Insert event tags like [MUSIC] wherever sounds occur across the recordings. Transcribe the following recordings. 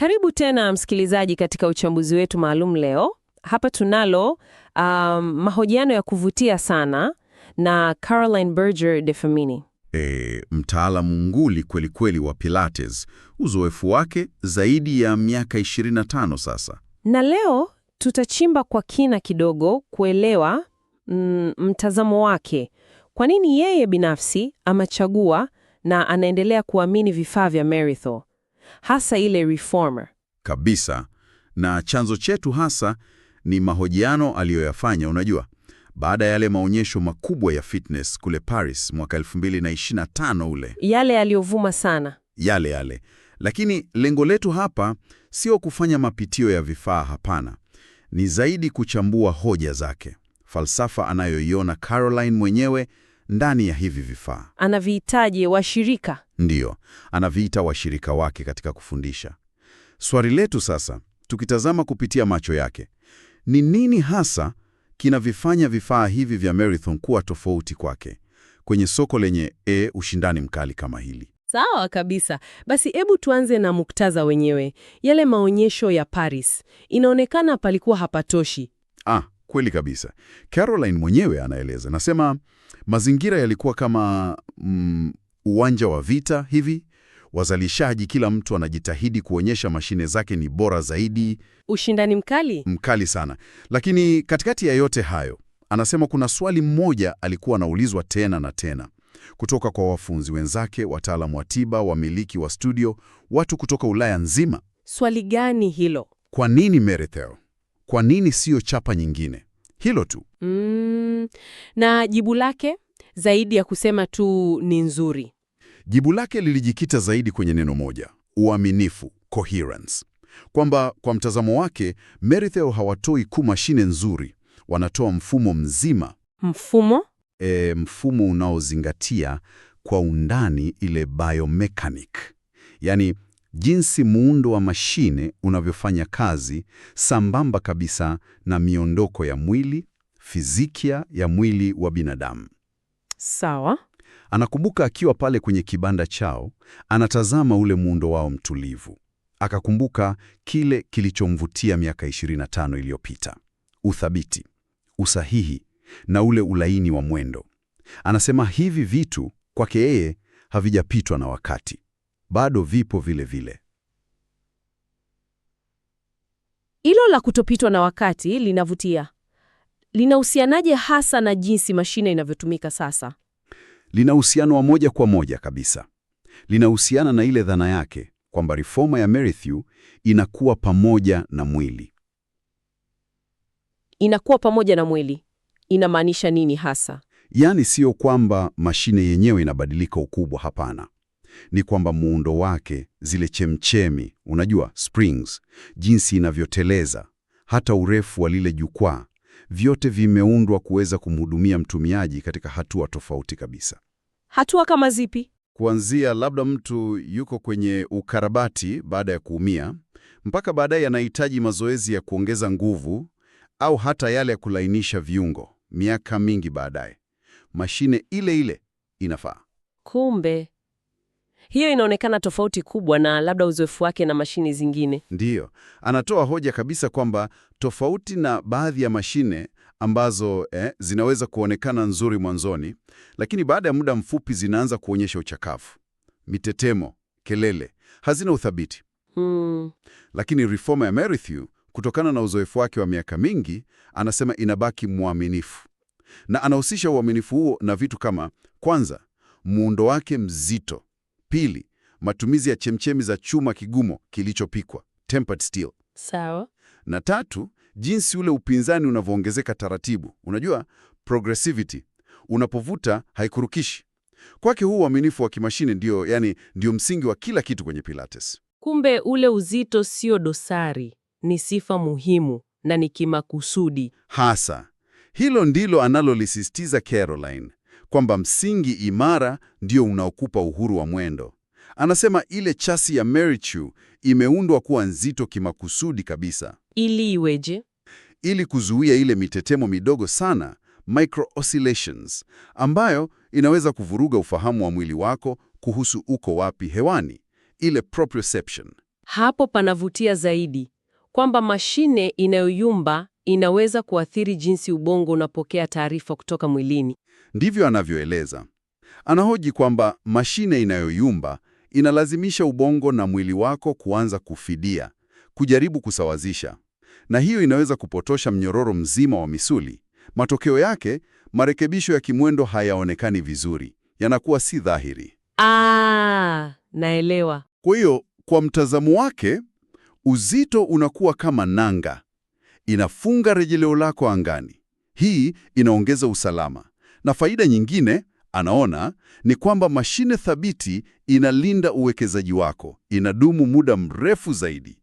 Karibu tena msikilizaji, katika uchambuzi wetu maalum leo. Hapa tunalo um, mahojiano ya kuvutia sana na Caroline Berger de Femynie. E, mtaalamu nguli kweli kweli wa Pilates, uzoefu wake zaidi ya miaka 25 sasa. Na leo tutachimba kwa kina kidogo kuelewa mm, mtazamo wake, kwa nini yeye binafsi amechagua na anaendelea kuamini vifaa vya Meritho hasa ile reformer. Kabisa, na chanzo chetu hasa ni mahojiano aliyoyafanya. Unajua, baada ya yale maonyesho makubwa ya fitness kule Paris mwaka 2025 ule, yale yaliyovuma sana, yale yale. Lakini lengo letu hapa sio kufanya mapitio ya vifaa, hapana. Ni zaidi kuchambua hoja zake, falsafa anayoiona Caroline mwenyewe ndani ya hivi vifaa. Anavihitaji washirika, ndiyo anaviita washirika wake katika kufundisha. Swali letu sasa, tukitazama kupitia macho yake, ni nini hasa kinavifanya vifaa hivi vya Marathon kuwa tofauti kwake kwenye soko lenye e, ushindani mkali kama hili? Sawa kabisa. Basi hebu tuanze na muktadha wenyewe. Yale maonyesho ya Paris, inaonekana palikuwa hapatoshi. Ah, kweli kabisa. Caroline mwenyewe anaeleza, nasema Mazingira yalikuwa kama mm, uwanja wa vita hivi. Wazalishaji, kila mtu anajitahidi kuonyesha mashine zake ni bora zaidi. Ushindani mkali mkali sana. Lakini katikati ya yote hayo, anasema kuna swali mmoja alikuwa anaulizwa tena na tena kutoka kwa wafunzi wenzake, wataalamu wa tiba, wamiliki wa studio, watu kutoka Ulaya nzima. Swali gani hilo? Kwa nini Meretheo? Kwa nini siyo chapa nyingine? hilo tu mm. Na jibu lake zaidi ya kusema tu ni nzuri, jibu lake lilijikita zaidi kwenye neno moja, uaminifu, coherence, kwamba kwa mtazamo wake Merrithew hawatoi ku mashine nzuri, wanatoa mfumo mzima, mfumo e, mfumo unaozingatia kwa undani ile biomechanic, yani jinsi muundo wa mashine unavyofanya kazi sambamba kabisa na miondoko ya mwili, fizikia ya mwili wa binadamu. Sawa. Anakumbuka akiwa pale kwenye kibanda chao, anatazama ule muundo wao mtulivu, akakumbuka kile kilichomvutia miaka 25 iliyopita: uthabiti, usahihi na ule ulaini wa mwendo. Anasema hivi vitu kwake yeye havijapitwa na wakati bado vipo vile vile. Hilo la kutopitwa na wakati linavutia. Linahusianaje hasa na jinsi mashine inavyotumika sasa? Lina uhusiano wa moja kwa moja kabisa. Linahusiana na ile dhana yake kwamba reforma ya Merrithew inakuwa pamoja na mwili. Inakuwa pamoja na mwili inamaanisha nini hasa? Yaani, siyo kwamba mashine yenyewe inabadilika ukubwa, hapana ni kwamba muundo wake, zile chemchemi, unajua springs, jinsi inavyoteleza, hata urefu wa lile jukwaa, vyote vimeundwa kuweza kumhudumia mtumiaji katika hatua tofauti kabisa. Hatua kama zipi? Kuanzia labda mtu yuko kwenye ukarabati baada ya kuumia, mpaka baadaye anahitaji mazoezi ya kuongeza nguvu au hata yale ya kulainisha viungo. Miaka mingi baadaye, mashine ile ile inafaa. Kumbe hiyo inaonekana tofauti kubwa na labda uzoefu wake na mashine zingine. Ndiyo, anatoa hoja kabisa kwamba tofauti na baadhi ya mashine ambazo eh, zinaweza kuonekana nzuri mwanzoni, lakini baada ya muda mfupi zinaanza kuonyesha uchakafu, mitetemo, kelele, hazina uthabiti hmm. Lakini reforma ya Merrithew kutokana na uzoefu wake wa miaka mingi, anasema inabaki mwaminifu, na anahusisha uaminifu huo na vitu kama kwanza, muundo wake mzito Pili, matumizi ya chemchemi za chuma kigumo kilichopikwa tempered steel. Sawa. Na tatu, jinsi ule upinzani unavyoongezeka taratibu. Unajua progressivity, unapovuta haikurukishi. Kwake huu uaminifu wa kimashine ndio, yani, ndio msingi wa kila kitu kwenye Pilates. Kumbe ule uzito sio dosari, ni sifa muhimu na ni kimakusudi hasa. Hilo ndilo analolisisitiza Caroline kwamba msingi imara ndio unaokupa uhuru wa mwendo. Anasema ile chasi ya Merichu imeundwa kuwa nzito kimakusudi kabisa. Ili iweje? Ili kuzuia ile mitetemo midogo sana, micro oscillations, ambayo inaweza kuvuruga ufahamu wa mwili wako kuhusu uko wapi hewani, ile proprioception. Hapo panavutia zaidi kwamba mashine inayoyumba inaweza kuathiri jinsi ubongo unapokea taarifa kutoka mwilini. Ndivyo anavyoeleza. Anahoji kwamba mashine inayoyumba inalazimisha ubongo na mwili wako kuanza kufidia, kujaribu kusawazisha, na hiyo inaweza kupotosha mnyororo mzima wa misuli. Matokeo yake, marekebisho ya kimwendo hayaonekani vizuri, yanakuwa si dhahiri. Ah, naelewa. Kwa hiyo, kwa mtazamo wake, uzito unakuwa kama nanga, inafunga rejeleo lako angani. Hii inaongeza usalama na faida nyingine anaona ni kwamba mashine thabiti inalinda uwekezaji wako, inadumu muda mrefu zaidi.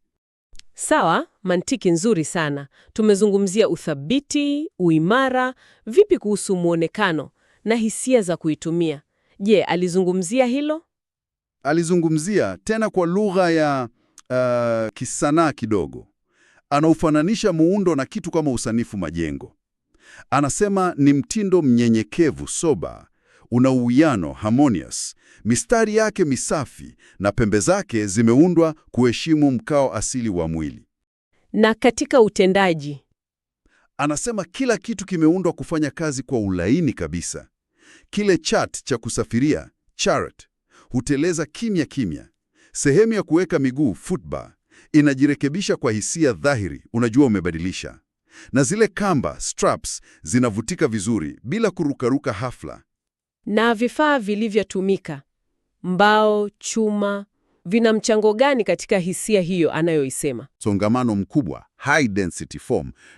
Sawa, mantiki nzuri sana. Tumezungumzia uthabiti, uimara. Vipi kuhusu mwonekano na hisia za kuitumia? Je, alizungumzia hilo? Alizungumzia tena kwa lugha ya uh, kisanaa kidogo. Anaufananisha muundo na kitu kama usanifu majengo. Anasema ni mtindo mnyenyekevu, soba, una uwiano harmonious, mistari yake misafi na pembe zake zimeundwa kuheshimu mkao asili wa mwili. Na katika utendaji, anasema kila kitu kimeundwa kufanya kazi kwa ulaini kabisa. Kile chat cha kusafiria chariot huteleza kimya kimya. Sehemu ya kuweka miguu footbar inajirekebisha kwa hisia dhahiri, unajua umebadilisha na zile kamba straps zinavutika vizuri bila kurukaruka hafla. Na vifaa vilivyotumika, mbao, chuma, vina mchango gani katika hisia hiyo anayoisema? Songamano mkubwa, high density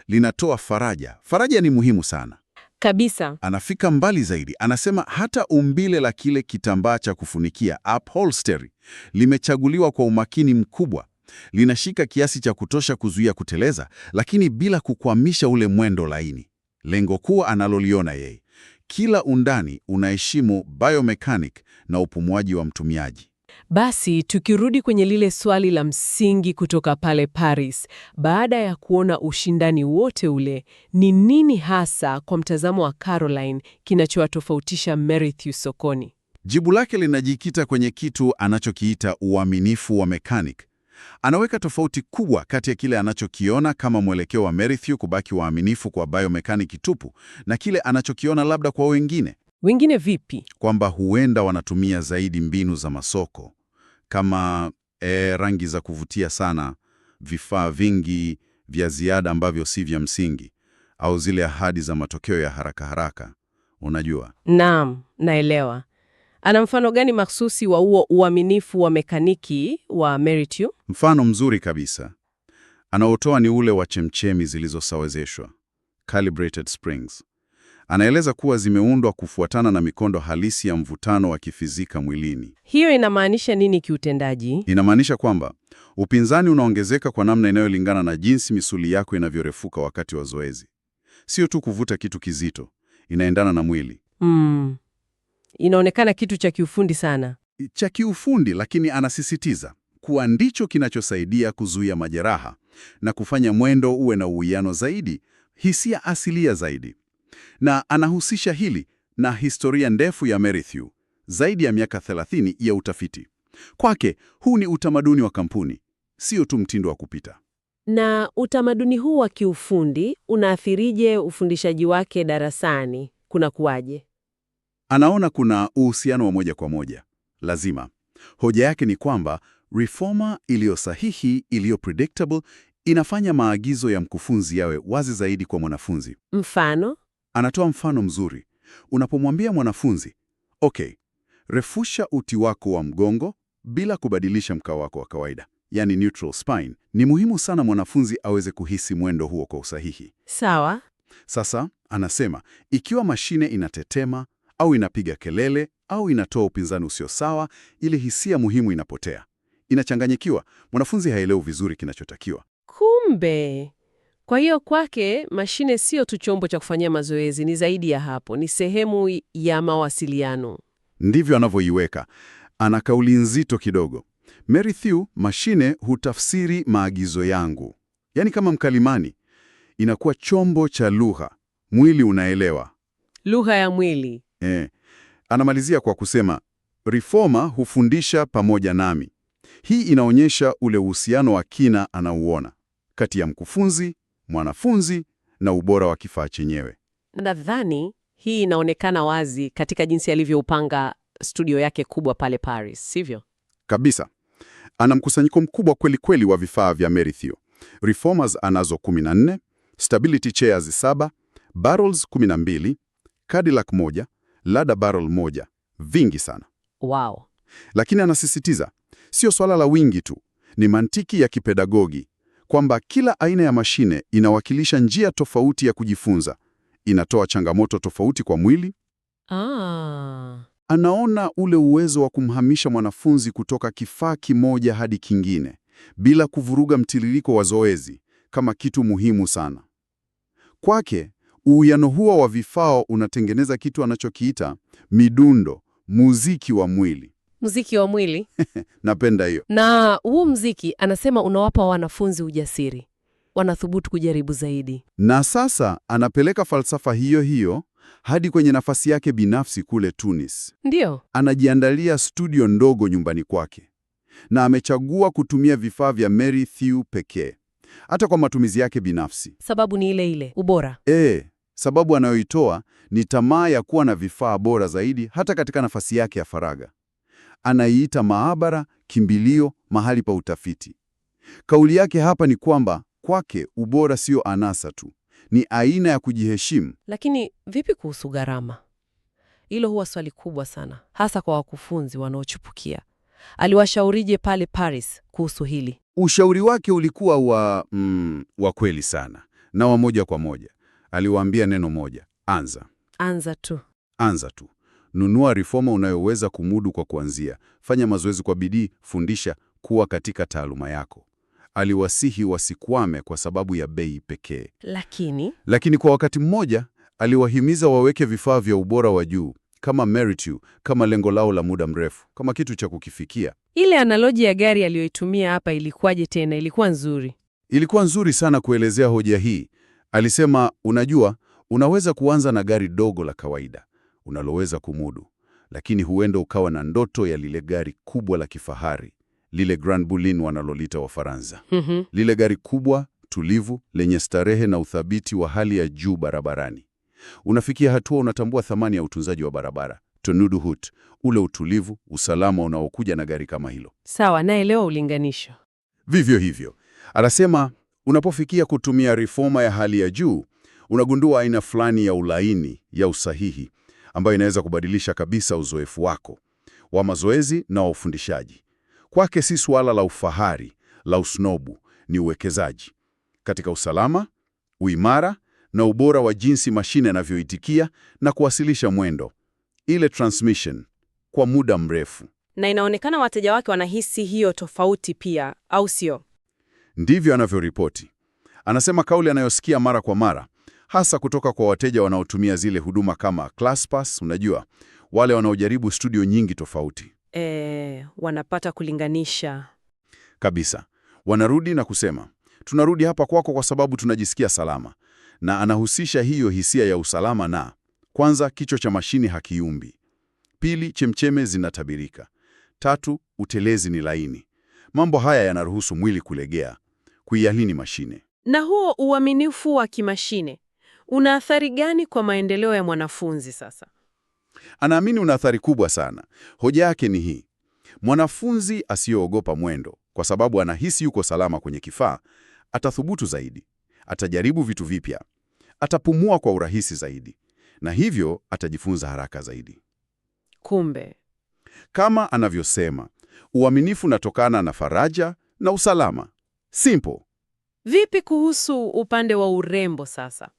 linatoa faraja. Faraja ni muhimu sana kabisa. Anafika mbali zaidi, anasema hata umbile la kile kitambaa cha kufunikia upholstery limechaguliwa kwa umakini mkubwa linashika kiasi cha kutosha kuzuia kuteleza, lakini bila kukwamisha ule mwendo laini. Lengo kuu analoliona yeye, kila undani unaheshimu biomechanic na upumuaji wa mtumiaji. Basi tukirudi kwenye lile swali la msingi kutoka pale Paris, baada ya kuona ushindani wote ule, ni nini hasa kwa mtazamo wa Caroline kinachowatofautisha Merrithew sokoni? Jibu lake linajikita kwenye kitu anachokiita uaminifu wa mechanic, Anaweka tofauti kubwa kati ya kile anachokiona kama mwelekeo wa Merrithew kubaki waaminifu kwa biomekaniki tupu na kile anachokiona labda kwa wengine. Wengine vipi? Kwamba huenda wanatumia zaidi mbinu za masoko kama e, rangi za kuvutia sana, vifaa vingi vya ziada ambavyo si vya msingi, au zile ahadi za matokeo ya haraka haraka. Unajua? Naam, naelewa. Ana mfano gani mahsusi wa huo uaminifu wa mekaniki wa Merrithew? Mfano mzuri kabisa anaotoa ni ule wa chemchemi zilizosawezeshwa Calibrated springs. Anaeleza kuwa zimeundwa kufuatana na mikondo halisi ya mvutano wa kifizika mwilini. Hiyo inamaanisha nini kiutendaji? Inamaanisha kwamba upinzani unaongezeka kwa namna inayolingana na jinsi misuli yako inavyorefuka wakati wa zoezi. Sio tu kuvuta kitu kizito, inaendana na mwili. Mm. Inaonekana kitu cha kiufundi sana. Cha kiufundi, lakini anasisitiza kuwa ndicho kinachosaidia kuzuia majeraha na kufanya mwendo uwe na uwiano zaidi, hisia asilia zaidi. Na anahusisha hili na historia ndefu ya Merrithew, zaidi ya miaka 30 ya utafiti. Kwake huu ni utamaduni wa kampuni, sio tu mtindo wa kupita. Na utamaduni huu wa kiufundi unaathirije ufundishaji wake darasani? Kuna kuwaje? Anaona kuna uhusiano wa moja kwa moja, lazima. Hoja yake ni kwamba rifoma iliyo sahihi, iliyo predictable, inafanya maagizo ya mkufunzi yawe wazi zaidi kwa mwanafunzi. Mfano, anatoa mfano mzuri. Unapomwambia mwanafunzi, okay, refusha uti wako wa mgongo bila kubadilisha mkao wako wa kawaida, yani neutral spine, ni muhimu sana mwanafunzi aweze kuhisi mwendo huo kwa usahihi. Sawa. Sasa anasema ikiwa mashine inatetema au inapiga kelele au inatoa upinzani usio sawa, ile hisia muhimu inapotea, inachanganyikiwa, mwanafunzi haelewi vizuri kinachotakiwa. Kumbe kwa hiyo kwake mashine sio tu chombo cha kufanyia mazoezi, ni zaidi ya hapo, ni sehemu ya mawasiliano. Ndivyo anavyoiweka. Ana kauli nzito kidogo. Mary Thew, mashine hutafsiri maagizo yangu, yaani kama mkalimani, inakuwa chombo cha lugha. Mwili unaelewa, lugha ya mwili. Eh, anamalizia kwa kusema reforma hufundisha pamoja nami. Hii inaonyesha ule uhusiano wa kina anauona kati ya mkufunzi, mwanafunzi na ubora wa kifaa chenyewe. Nadhani hii inaonekana wazi katika jinsi alivyoupanga studio yake kubwa pale Paris, sivyo? Kabisa. Ana mkusanyiko mkubwa kweli kweli wa vifaa vya Merithio. Reformers anazo 14, stability chairs 7, barrels 12, Cadillac moja labda barrel moja, vingi sana. Wow. Lakini anasisitiza sio swala la wingi tu, ni mantiki ya kipedagogi kwamba kila aina ya mashine inawakilisha njia tofauti ya kujifunza, inatoa changamoto tofauti kwa mwili. Ah. Anaona ule uwezo wa kumhamisha mwanafunzi kutoka kifaa kimoja hadi kingine bila kuvuruga mtiririko wa zoezi kama kitu muhimu sana. Kwake Uwiano huo wa vifao unatengeneza kitu anachokiita midundo, muziki wa mwili. [LAUGHS] Muziki wa mwili napenda hiyo. Na huu muziki anasema unawapa wanafunzi ujasiri, wanathubutu kujaribu zaidi. Na sasa anapeleka falsafa hiyo hiyo hadi kwenye nafasi yake binafsi kule Tunis. Ndiyo, anajiandalia studio ndogo nyumbani kwake na amechagua kutumia vifaa vya Mary thew pekee hata kwa matumizi yake binafsi. Sababu ni ile ile, ubora. E, sababu anayoitoa ni tamaa ya kuwa na vifaa bora zaidi hata katika nafasi yake ya faraga Anaiita maabara, kimbilio, mahali pa utafiti. Kauli yake hapa ni kwamba kwake ubora sio anasa tu, ni aina ya kujiheshimu. Lakini vipi kuhusu gharama? Hilo huwa swali kubwa sana, hasa kwa wakufunzi wanaochupukia Aliwashaurije pale Paris kuhusu hili? Ushauri wake ulikuwa wa mm, wa kweli sana na wa moja kwa moja. Aliwaambia neno moja, anza. Anza tu, anza tu. Nunua reforma unayoweza kumudu kwa kuanzia. Fanya mazoezi kwa bidii, fundisha, kuwa katika taaluma yako. Aliwasihi wasikwame kwa sababu ya bei pekee. Lakini lakini kwa wakati mmoja aliwahimiza waweke vifaa vya ubora wa juu, kama meritu, kama lengo lao la muda mrefu, kama kitu cha kukifikia. Ile analoji ya gari aliyoitumia hapa ilikuwaje tena? Ilikuwa nzuri, ilikuwa nzuri sana kuelezea hoja hii. Alisema, unajua, unaweza kuanza na gari dogo la kawaida unaloweza kumudu, lakini huenda ukawa na ndoto ya lile gari kubwa la kifahari, lile Grand Boulin wanalolita Wafaransa. mm -hmm. Lile gari kubwa tulivu lenye starehe na uthabiti wa hali ya juu barabarani. Unafikia hatua unatambua thamani ya utunzaji wa barabara Tunudu Hut, ule utulivu, usalama unaokuja na gari kama hilo. Sawa, naelewa ulinganisho. Vivyo hivyo anasema, unapofikia kutumia reforma ya hali ya juu unagundua aina fulani ya ulaini ya usahihi ambayo inaweza kubadilisha kabisa uzoefu wako wa mazoezi na wa ufundishaji. Kwake si suala la ufahari la usnobu, ni uwekezaji katika usalama, uimara na ubora wa jinsi mashine inavyoitikia na kuwasilisha mwendo, ile transmission kwa muda mrefu. Na inaonekana wateja wake wanahisi hiyo tofauti pia, au sio? Ndivyo anavyoripoti. Anasema kauli anayosikia mara kwa mara, hasa kutoka kwa wateja wanaotumia zile huduma kama ClassPass, unajua wale wanaojaribu studio nyingi tofauti. E, wanapata kulinganisha kabisa. Wanarudi na kusema tunarudi hapa kwako kwa sababu tunajisikia salama, na anahusisha hiyo hisia ya usalama na kwanza, kichwa cha mashini hakiumbi; pili, chemcheme zinatabirika; tatu, utelezi ni laini. Mambo haya yanaruhusu mwili kulegea, kuialini mashine. Na huo uaminifu wa kimashine una athari gani kwa maendeleo ya mwanafunzi? Sasa anaamini una athari kubwa sana. Hoja yake ni hii: mwanafunzi asiyoogopa mwendo, kwa sababu anahisi yuko salama kwenye kifaa, atathubutu zaidi atajaribu vitu vipya, atapumua kwa urahisi zaidi, na hivyo atajifunza haraka zaidi. Kumbe kama anavyosema, uaminifu unatokana na faraja na usalama. Simple. Vipi kuhusu upande wa urembo sasa?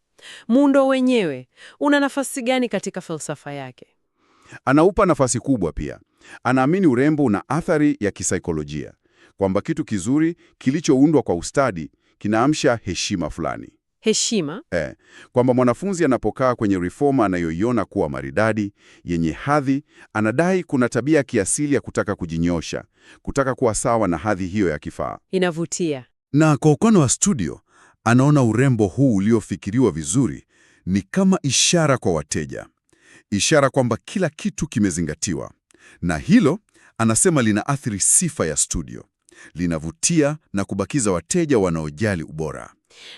Muundo wenyewe una nafasi gani katika falsafa yake? Anaupa nafasi kubwa pia. Anaamini urembo una athari ya kisaikolojia, kwamba kitu kizuri kilichoundwa kwa ustadi kinaamsha heshima fulani heshima Eh, kwamba mwanafunzi anapokaa kwenye reforma anayoiona kuwa maridadi yenye hadhi, anadai kuna tabia kiasili ya kutaka kujinyosha, kutaka kuwa sawa na hadhi hiyo ya kifaa. Inavutia. Na kwa upande wa studio, anaona urembo huu uliofikiriwa vizuri ni kama ishara kwa wateja, ishara kwamba kila kitu kimezingatiwa, na hilo anasema linaathiri sifa ya studio linavutia na kubakiza wateja wanaojali ubora.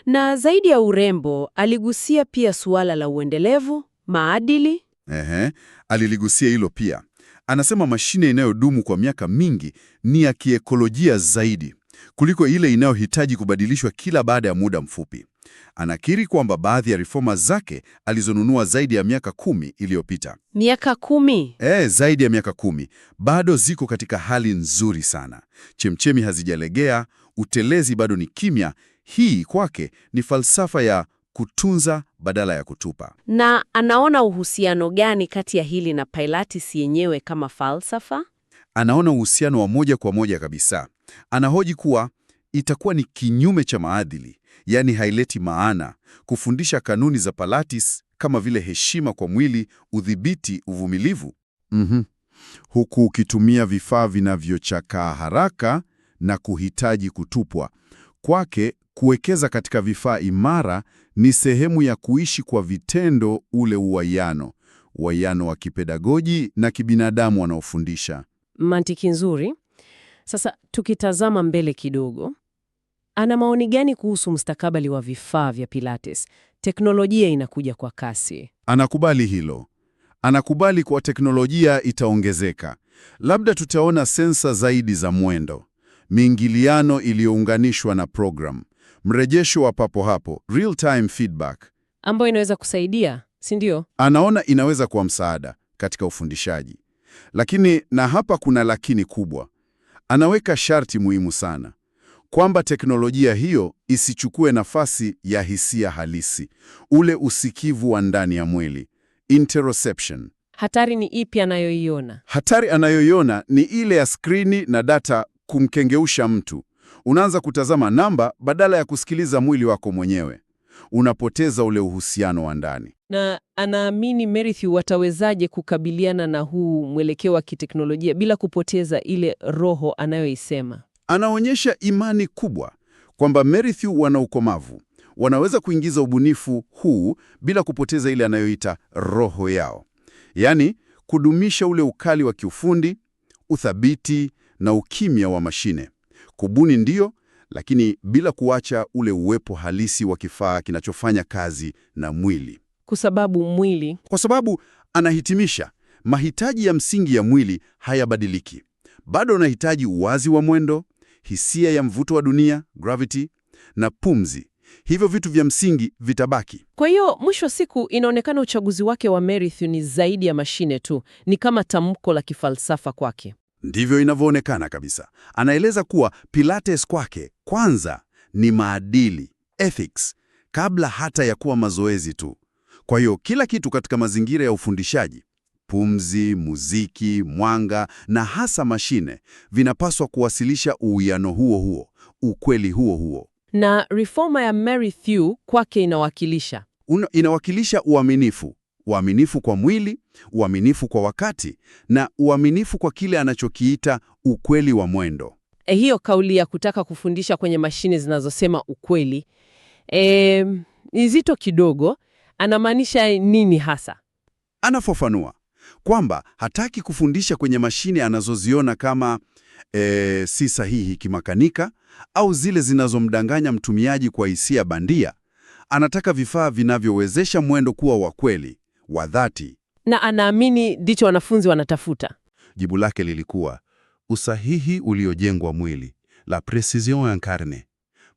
Na zaidi ya urembo, aligusia pia suala la uendelevu, maadili. Ehe, aliligusia hilo pia. Anasema mashine inayodumu kwa miaka mingi ni ya kiekolojia zaidi kuliko ile inayohitaji kubadilishwa kila baada ya muda mfupi. Anakiri kwamba baadhi ya reforma zake alizonunua zaidi ya miaka kumi iliyopita. Miaka kumi? E, zaidi ya miaka kumi bado ziko katika hali nzuri sana, chemchemi hazijalegea, utelezi bado ni kimya. Hii kwake ni falsafa ya kutunza badala ya kutupa. Na anaona uhusiano gani kati ya hili na Pilates yenyewe kama falsafa? Anaona uhusiano wa moja kwa moja kabisa. Anahoji kuwa itakuwa ni kinyume cha maadili yaani haileti maana, kufundisha kanuni za Pilates kama vile heshima kwa mwili, udhibiti, uvumilivu mm -hmm. Huku ukitumia vifaa vinavyochakaa haraka na kuhitaji kutupwa. Kwake kuwekeza katika vifaa imara ni sehemu ya kuishi kwa vitendo ule uwaiano, uwaiano wa kipedagoji na kibinadamu wanaofundisha. Mantiki nzuri. Sasa tukitazama mbele kidogo, ana maoni gani kuhusu mustakabali wa vifaa vya Pilates? Teknolojia inakuja kwa kasi. Anakubali hilo. Anakubali kuwa teknolojia itaongezeka. Labda tutaona sensa zaidi za mwendo, miingiliano iliyounganishwa na program, mrejesho wa papo hapo, real time feedback, ambayo inaweza kusaidia, si ndio? Anaona inaweza kuwa msaada katika ufundishaji, lakini na hapa kuna lakini kubwa. Anaweka sharti muhimu sana kwamba teknolojia hiyo isichukue nafasi ya hisia halisi, ule usikivu wa ndani ya mwili interoception. Hatari ni ipi anayoiona? Hatari anayoiona ni ile ya skrini na data kumkengeusha mtu. Unaanza kutazama namba badala ya kusikiliza mwili wako mwenyewe. Unapoteza ule uhusiano wa ndani. Na anaamini Merrithew watawezaje kukabiliana na huu mwelekeo wa kiteknolojia bila kupoteza ile roho anayoisema? Anaonyesha imani kubwa kwamba Merrithew wana ukomavu, wanaweza kuingiza ubunifu huu bila kupoteza ile anayoita roho yao, yaani kudumisha ule ukali wa kiufundi, uthabiti na ukimya wa mashine. Kubuni ndiyo, lakini bila kuacha ule uwepo halisi wa kifaa kinachofanya kazi na mwili. Kwa sababu mwili, kwa sababu anahitimisha, mahitaji ya msingi ya mwili hayabadiliki. Bado anahitaji uwazi wa mwendo, hisia ya mvuto wa dunia gravity na pumzi. Hivyo vitu vya msingi vitabaki. Kwa hiyo mwisho wa siku, inaonekana uchaguzi wake wa Merrithew ni zaidi ya mashine tu, ni kama tamko la kifalsafa kwake. Ndivyo inavyoonekana kabisa. Anaeleza kuwa Pilates kwake kwanza ni maadili ethics, kabla hata ya kuwa mazoezi tu. Kwa hiyo kila kitu katika mazingira ya ufundishaji pumzi, muziki, mwanga na hasa mashine vinapaswa kuwasilisha uwiano huo huo, ukweli huo huo. Na reforma ya Mary Thew kwake inawakilisha Una, inawakilisha uaminifu, uaminifu kwa mwili, uaminifu kwa wakati na uaminifu kwa kile anachokiita ukweli wa mwendo. E, hiyo kauli ya kutaka kufundisha kwenye mashine zinazosema ukweli e, nzito kidogo. Anamaanisha nini hasa? Anafafanua, kwamba hataki kufundisha kwenye mashine anazoziona kama e, si sahihi kimakanika au zile zinazomdanganya mtumiaji kwa hisia bandia. Anataka vifaa vinavyowezesha mwendo kuwa wa kweli, wa dhati, na anaamini ndicho wanafunzi wanatafuta. Jibu lake lilikuwa usahihi uliojengwa mwili, la precision incarne,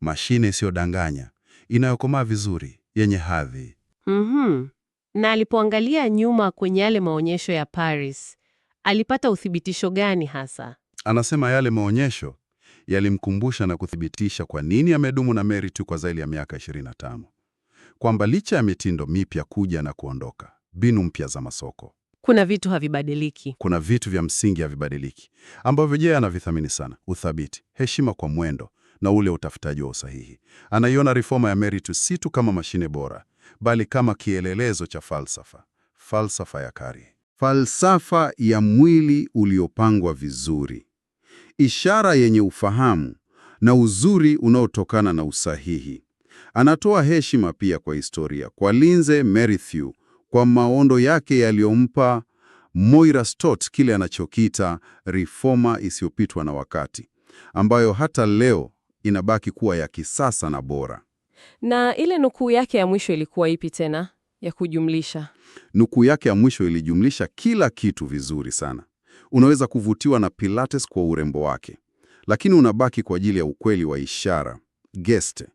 mashine isiyodanganya, inayokomaa vizuri, yenye hadhi. mm -hmm. Na alipoangalia nyuma kwenye yale maonyesho ya Paris, alipata uthibitisho gani hasa? Anasema yale maonyesho yalimkumbusha na kuthibitisha kwa nini amedumu na Mary tu kwa zaidi ya miaka 25, kwamba licha ya mitindo mipya kuja na kuondoka, binu mpya za masoko, kuna vitu havibadiliki, kuna vitu vya msingi havibadiliki ambavyo je, anavithamini sana: uthabiti, heshima kwa mwendo na ule utafutaji wa usahihi. Anaiona reforma ya Mary tu si tu kama mashine bora bali kama kielelezo cha falsafa, falsafa ya kari, falsafa ya mwili uliopangwa vizuri, ishara yenye ufahamu na uzuri unaotokana na usahihi. Anatoa heshima pia kwa historia, kwa linze Merrithew, kwa maondo yake yaliyompa Moira Stott kile anachokita reforma isiyopitwa na wakati, ambayo hata leo inabaki kuwa ya kisasa na bora. Na ile nukuu yake ya mwisho ilikuwa ipi tena ya kujumlisha? Nukuu yake ya mwisho ilijumlisha kila kitu vizuri sana. Unaweza kuvutiwa na Pilates kwa urembo wake, lakini unabaki kwa ajili ya ukweli wa ishara Geste.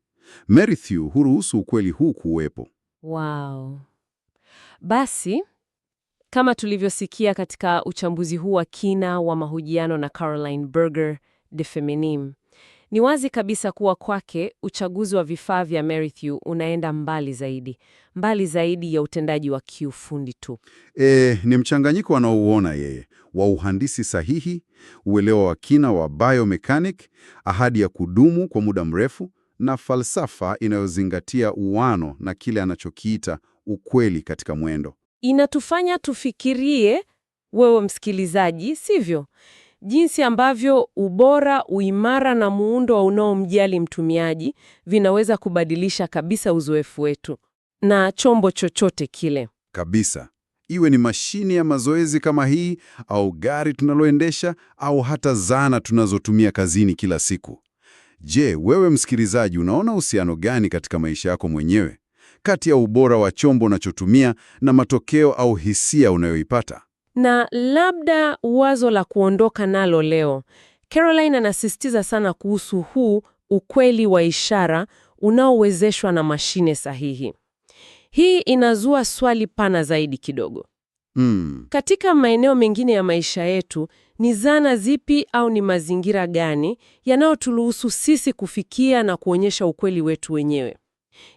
Merrithew huruhusu ukweli huu kuwepo. Wow. Basi kama tulivyosikia katika uchambuzi huu wa kina wa mahojiano na Caroline Berger de Feminim, ni wazi kabisa kuwa kwake uchaguzi wa vifaa vya Merrithew unaenda mbali zaidi, mbali zaidi ya utendaji wa kiufundi tu. E, ni mchanganyiko anaouona yeye wa uhandisi sahihi, uelewa wa kina wa biomechanic, ahadi ya kudumu kwa muda mrefu na falsafa inayozingatia uwano na kile anachokiita ukweli katika mwendo. Inatufanya tufikirie, wewe msikilizaji, sivyo? jinsi ambavyo ubora, uimara na muundo wa unaomjali mtumiaji vinaweza kubadilisha kabisa uzoefu wetu na chombo chochote kile kabisa, iwe ni mashine ya mazoezi kama hii au gari tunaloendesha au hata zana tunazotumia kazini kila siku. Je, wewe msikilizaji, unaona uhusiano gani katika maisha yako mwenyewe kati ya ubora wa chombo unachotumia na matokeo au hisia unayoipata? Na labda wazo la kuondoka nalo leo, Caroline anasisitiza sana kuhusu huu ukweli wa ishara unaowezeshwa na mashine sahihi. Hii inazua swali pana zaidi kidogo. Mm. Katika maeneo mengine ya maisha yetu ni zana zipi au ni mazingira gani yanayoturuhusu sisi kufikia na kuonyesha ukweli wetu wenyewe?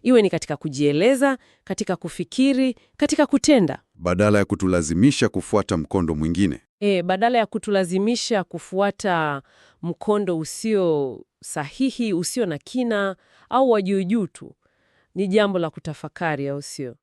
Iwe ni katika kujieleza, katika kufikiri, katika kutenda badala ya kutulazimisha kufuata mkondo mwingine. E, badala ya kutulazimisha kufuata mkondo usio sahihi, usio na kina au wa juu tu. Ni jambo la kutafakari, au sio?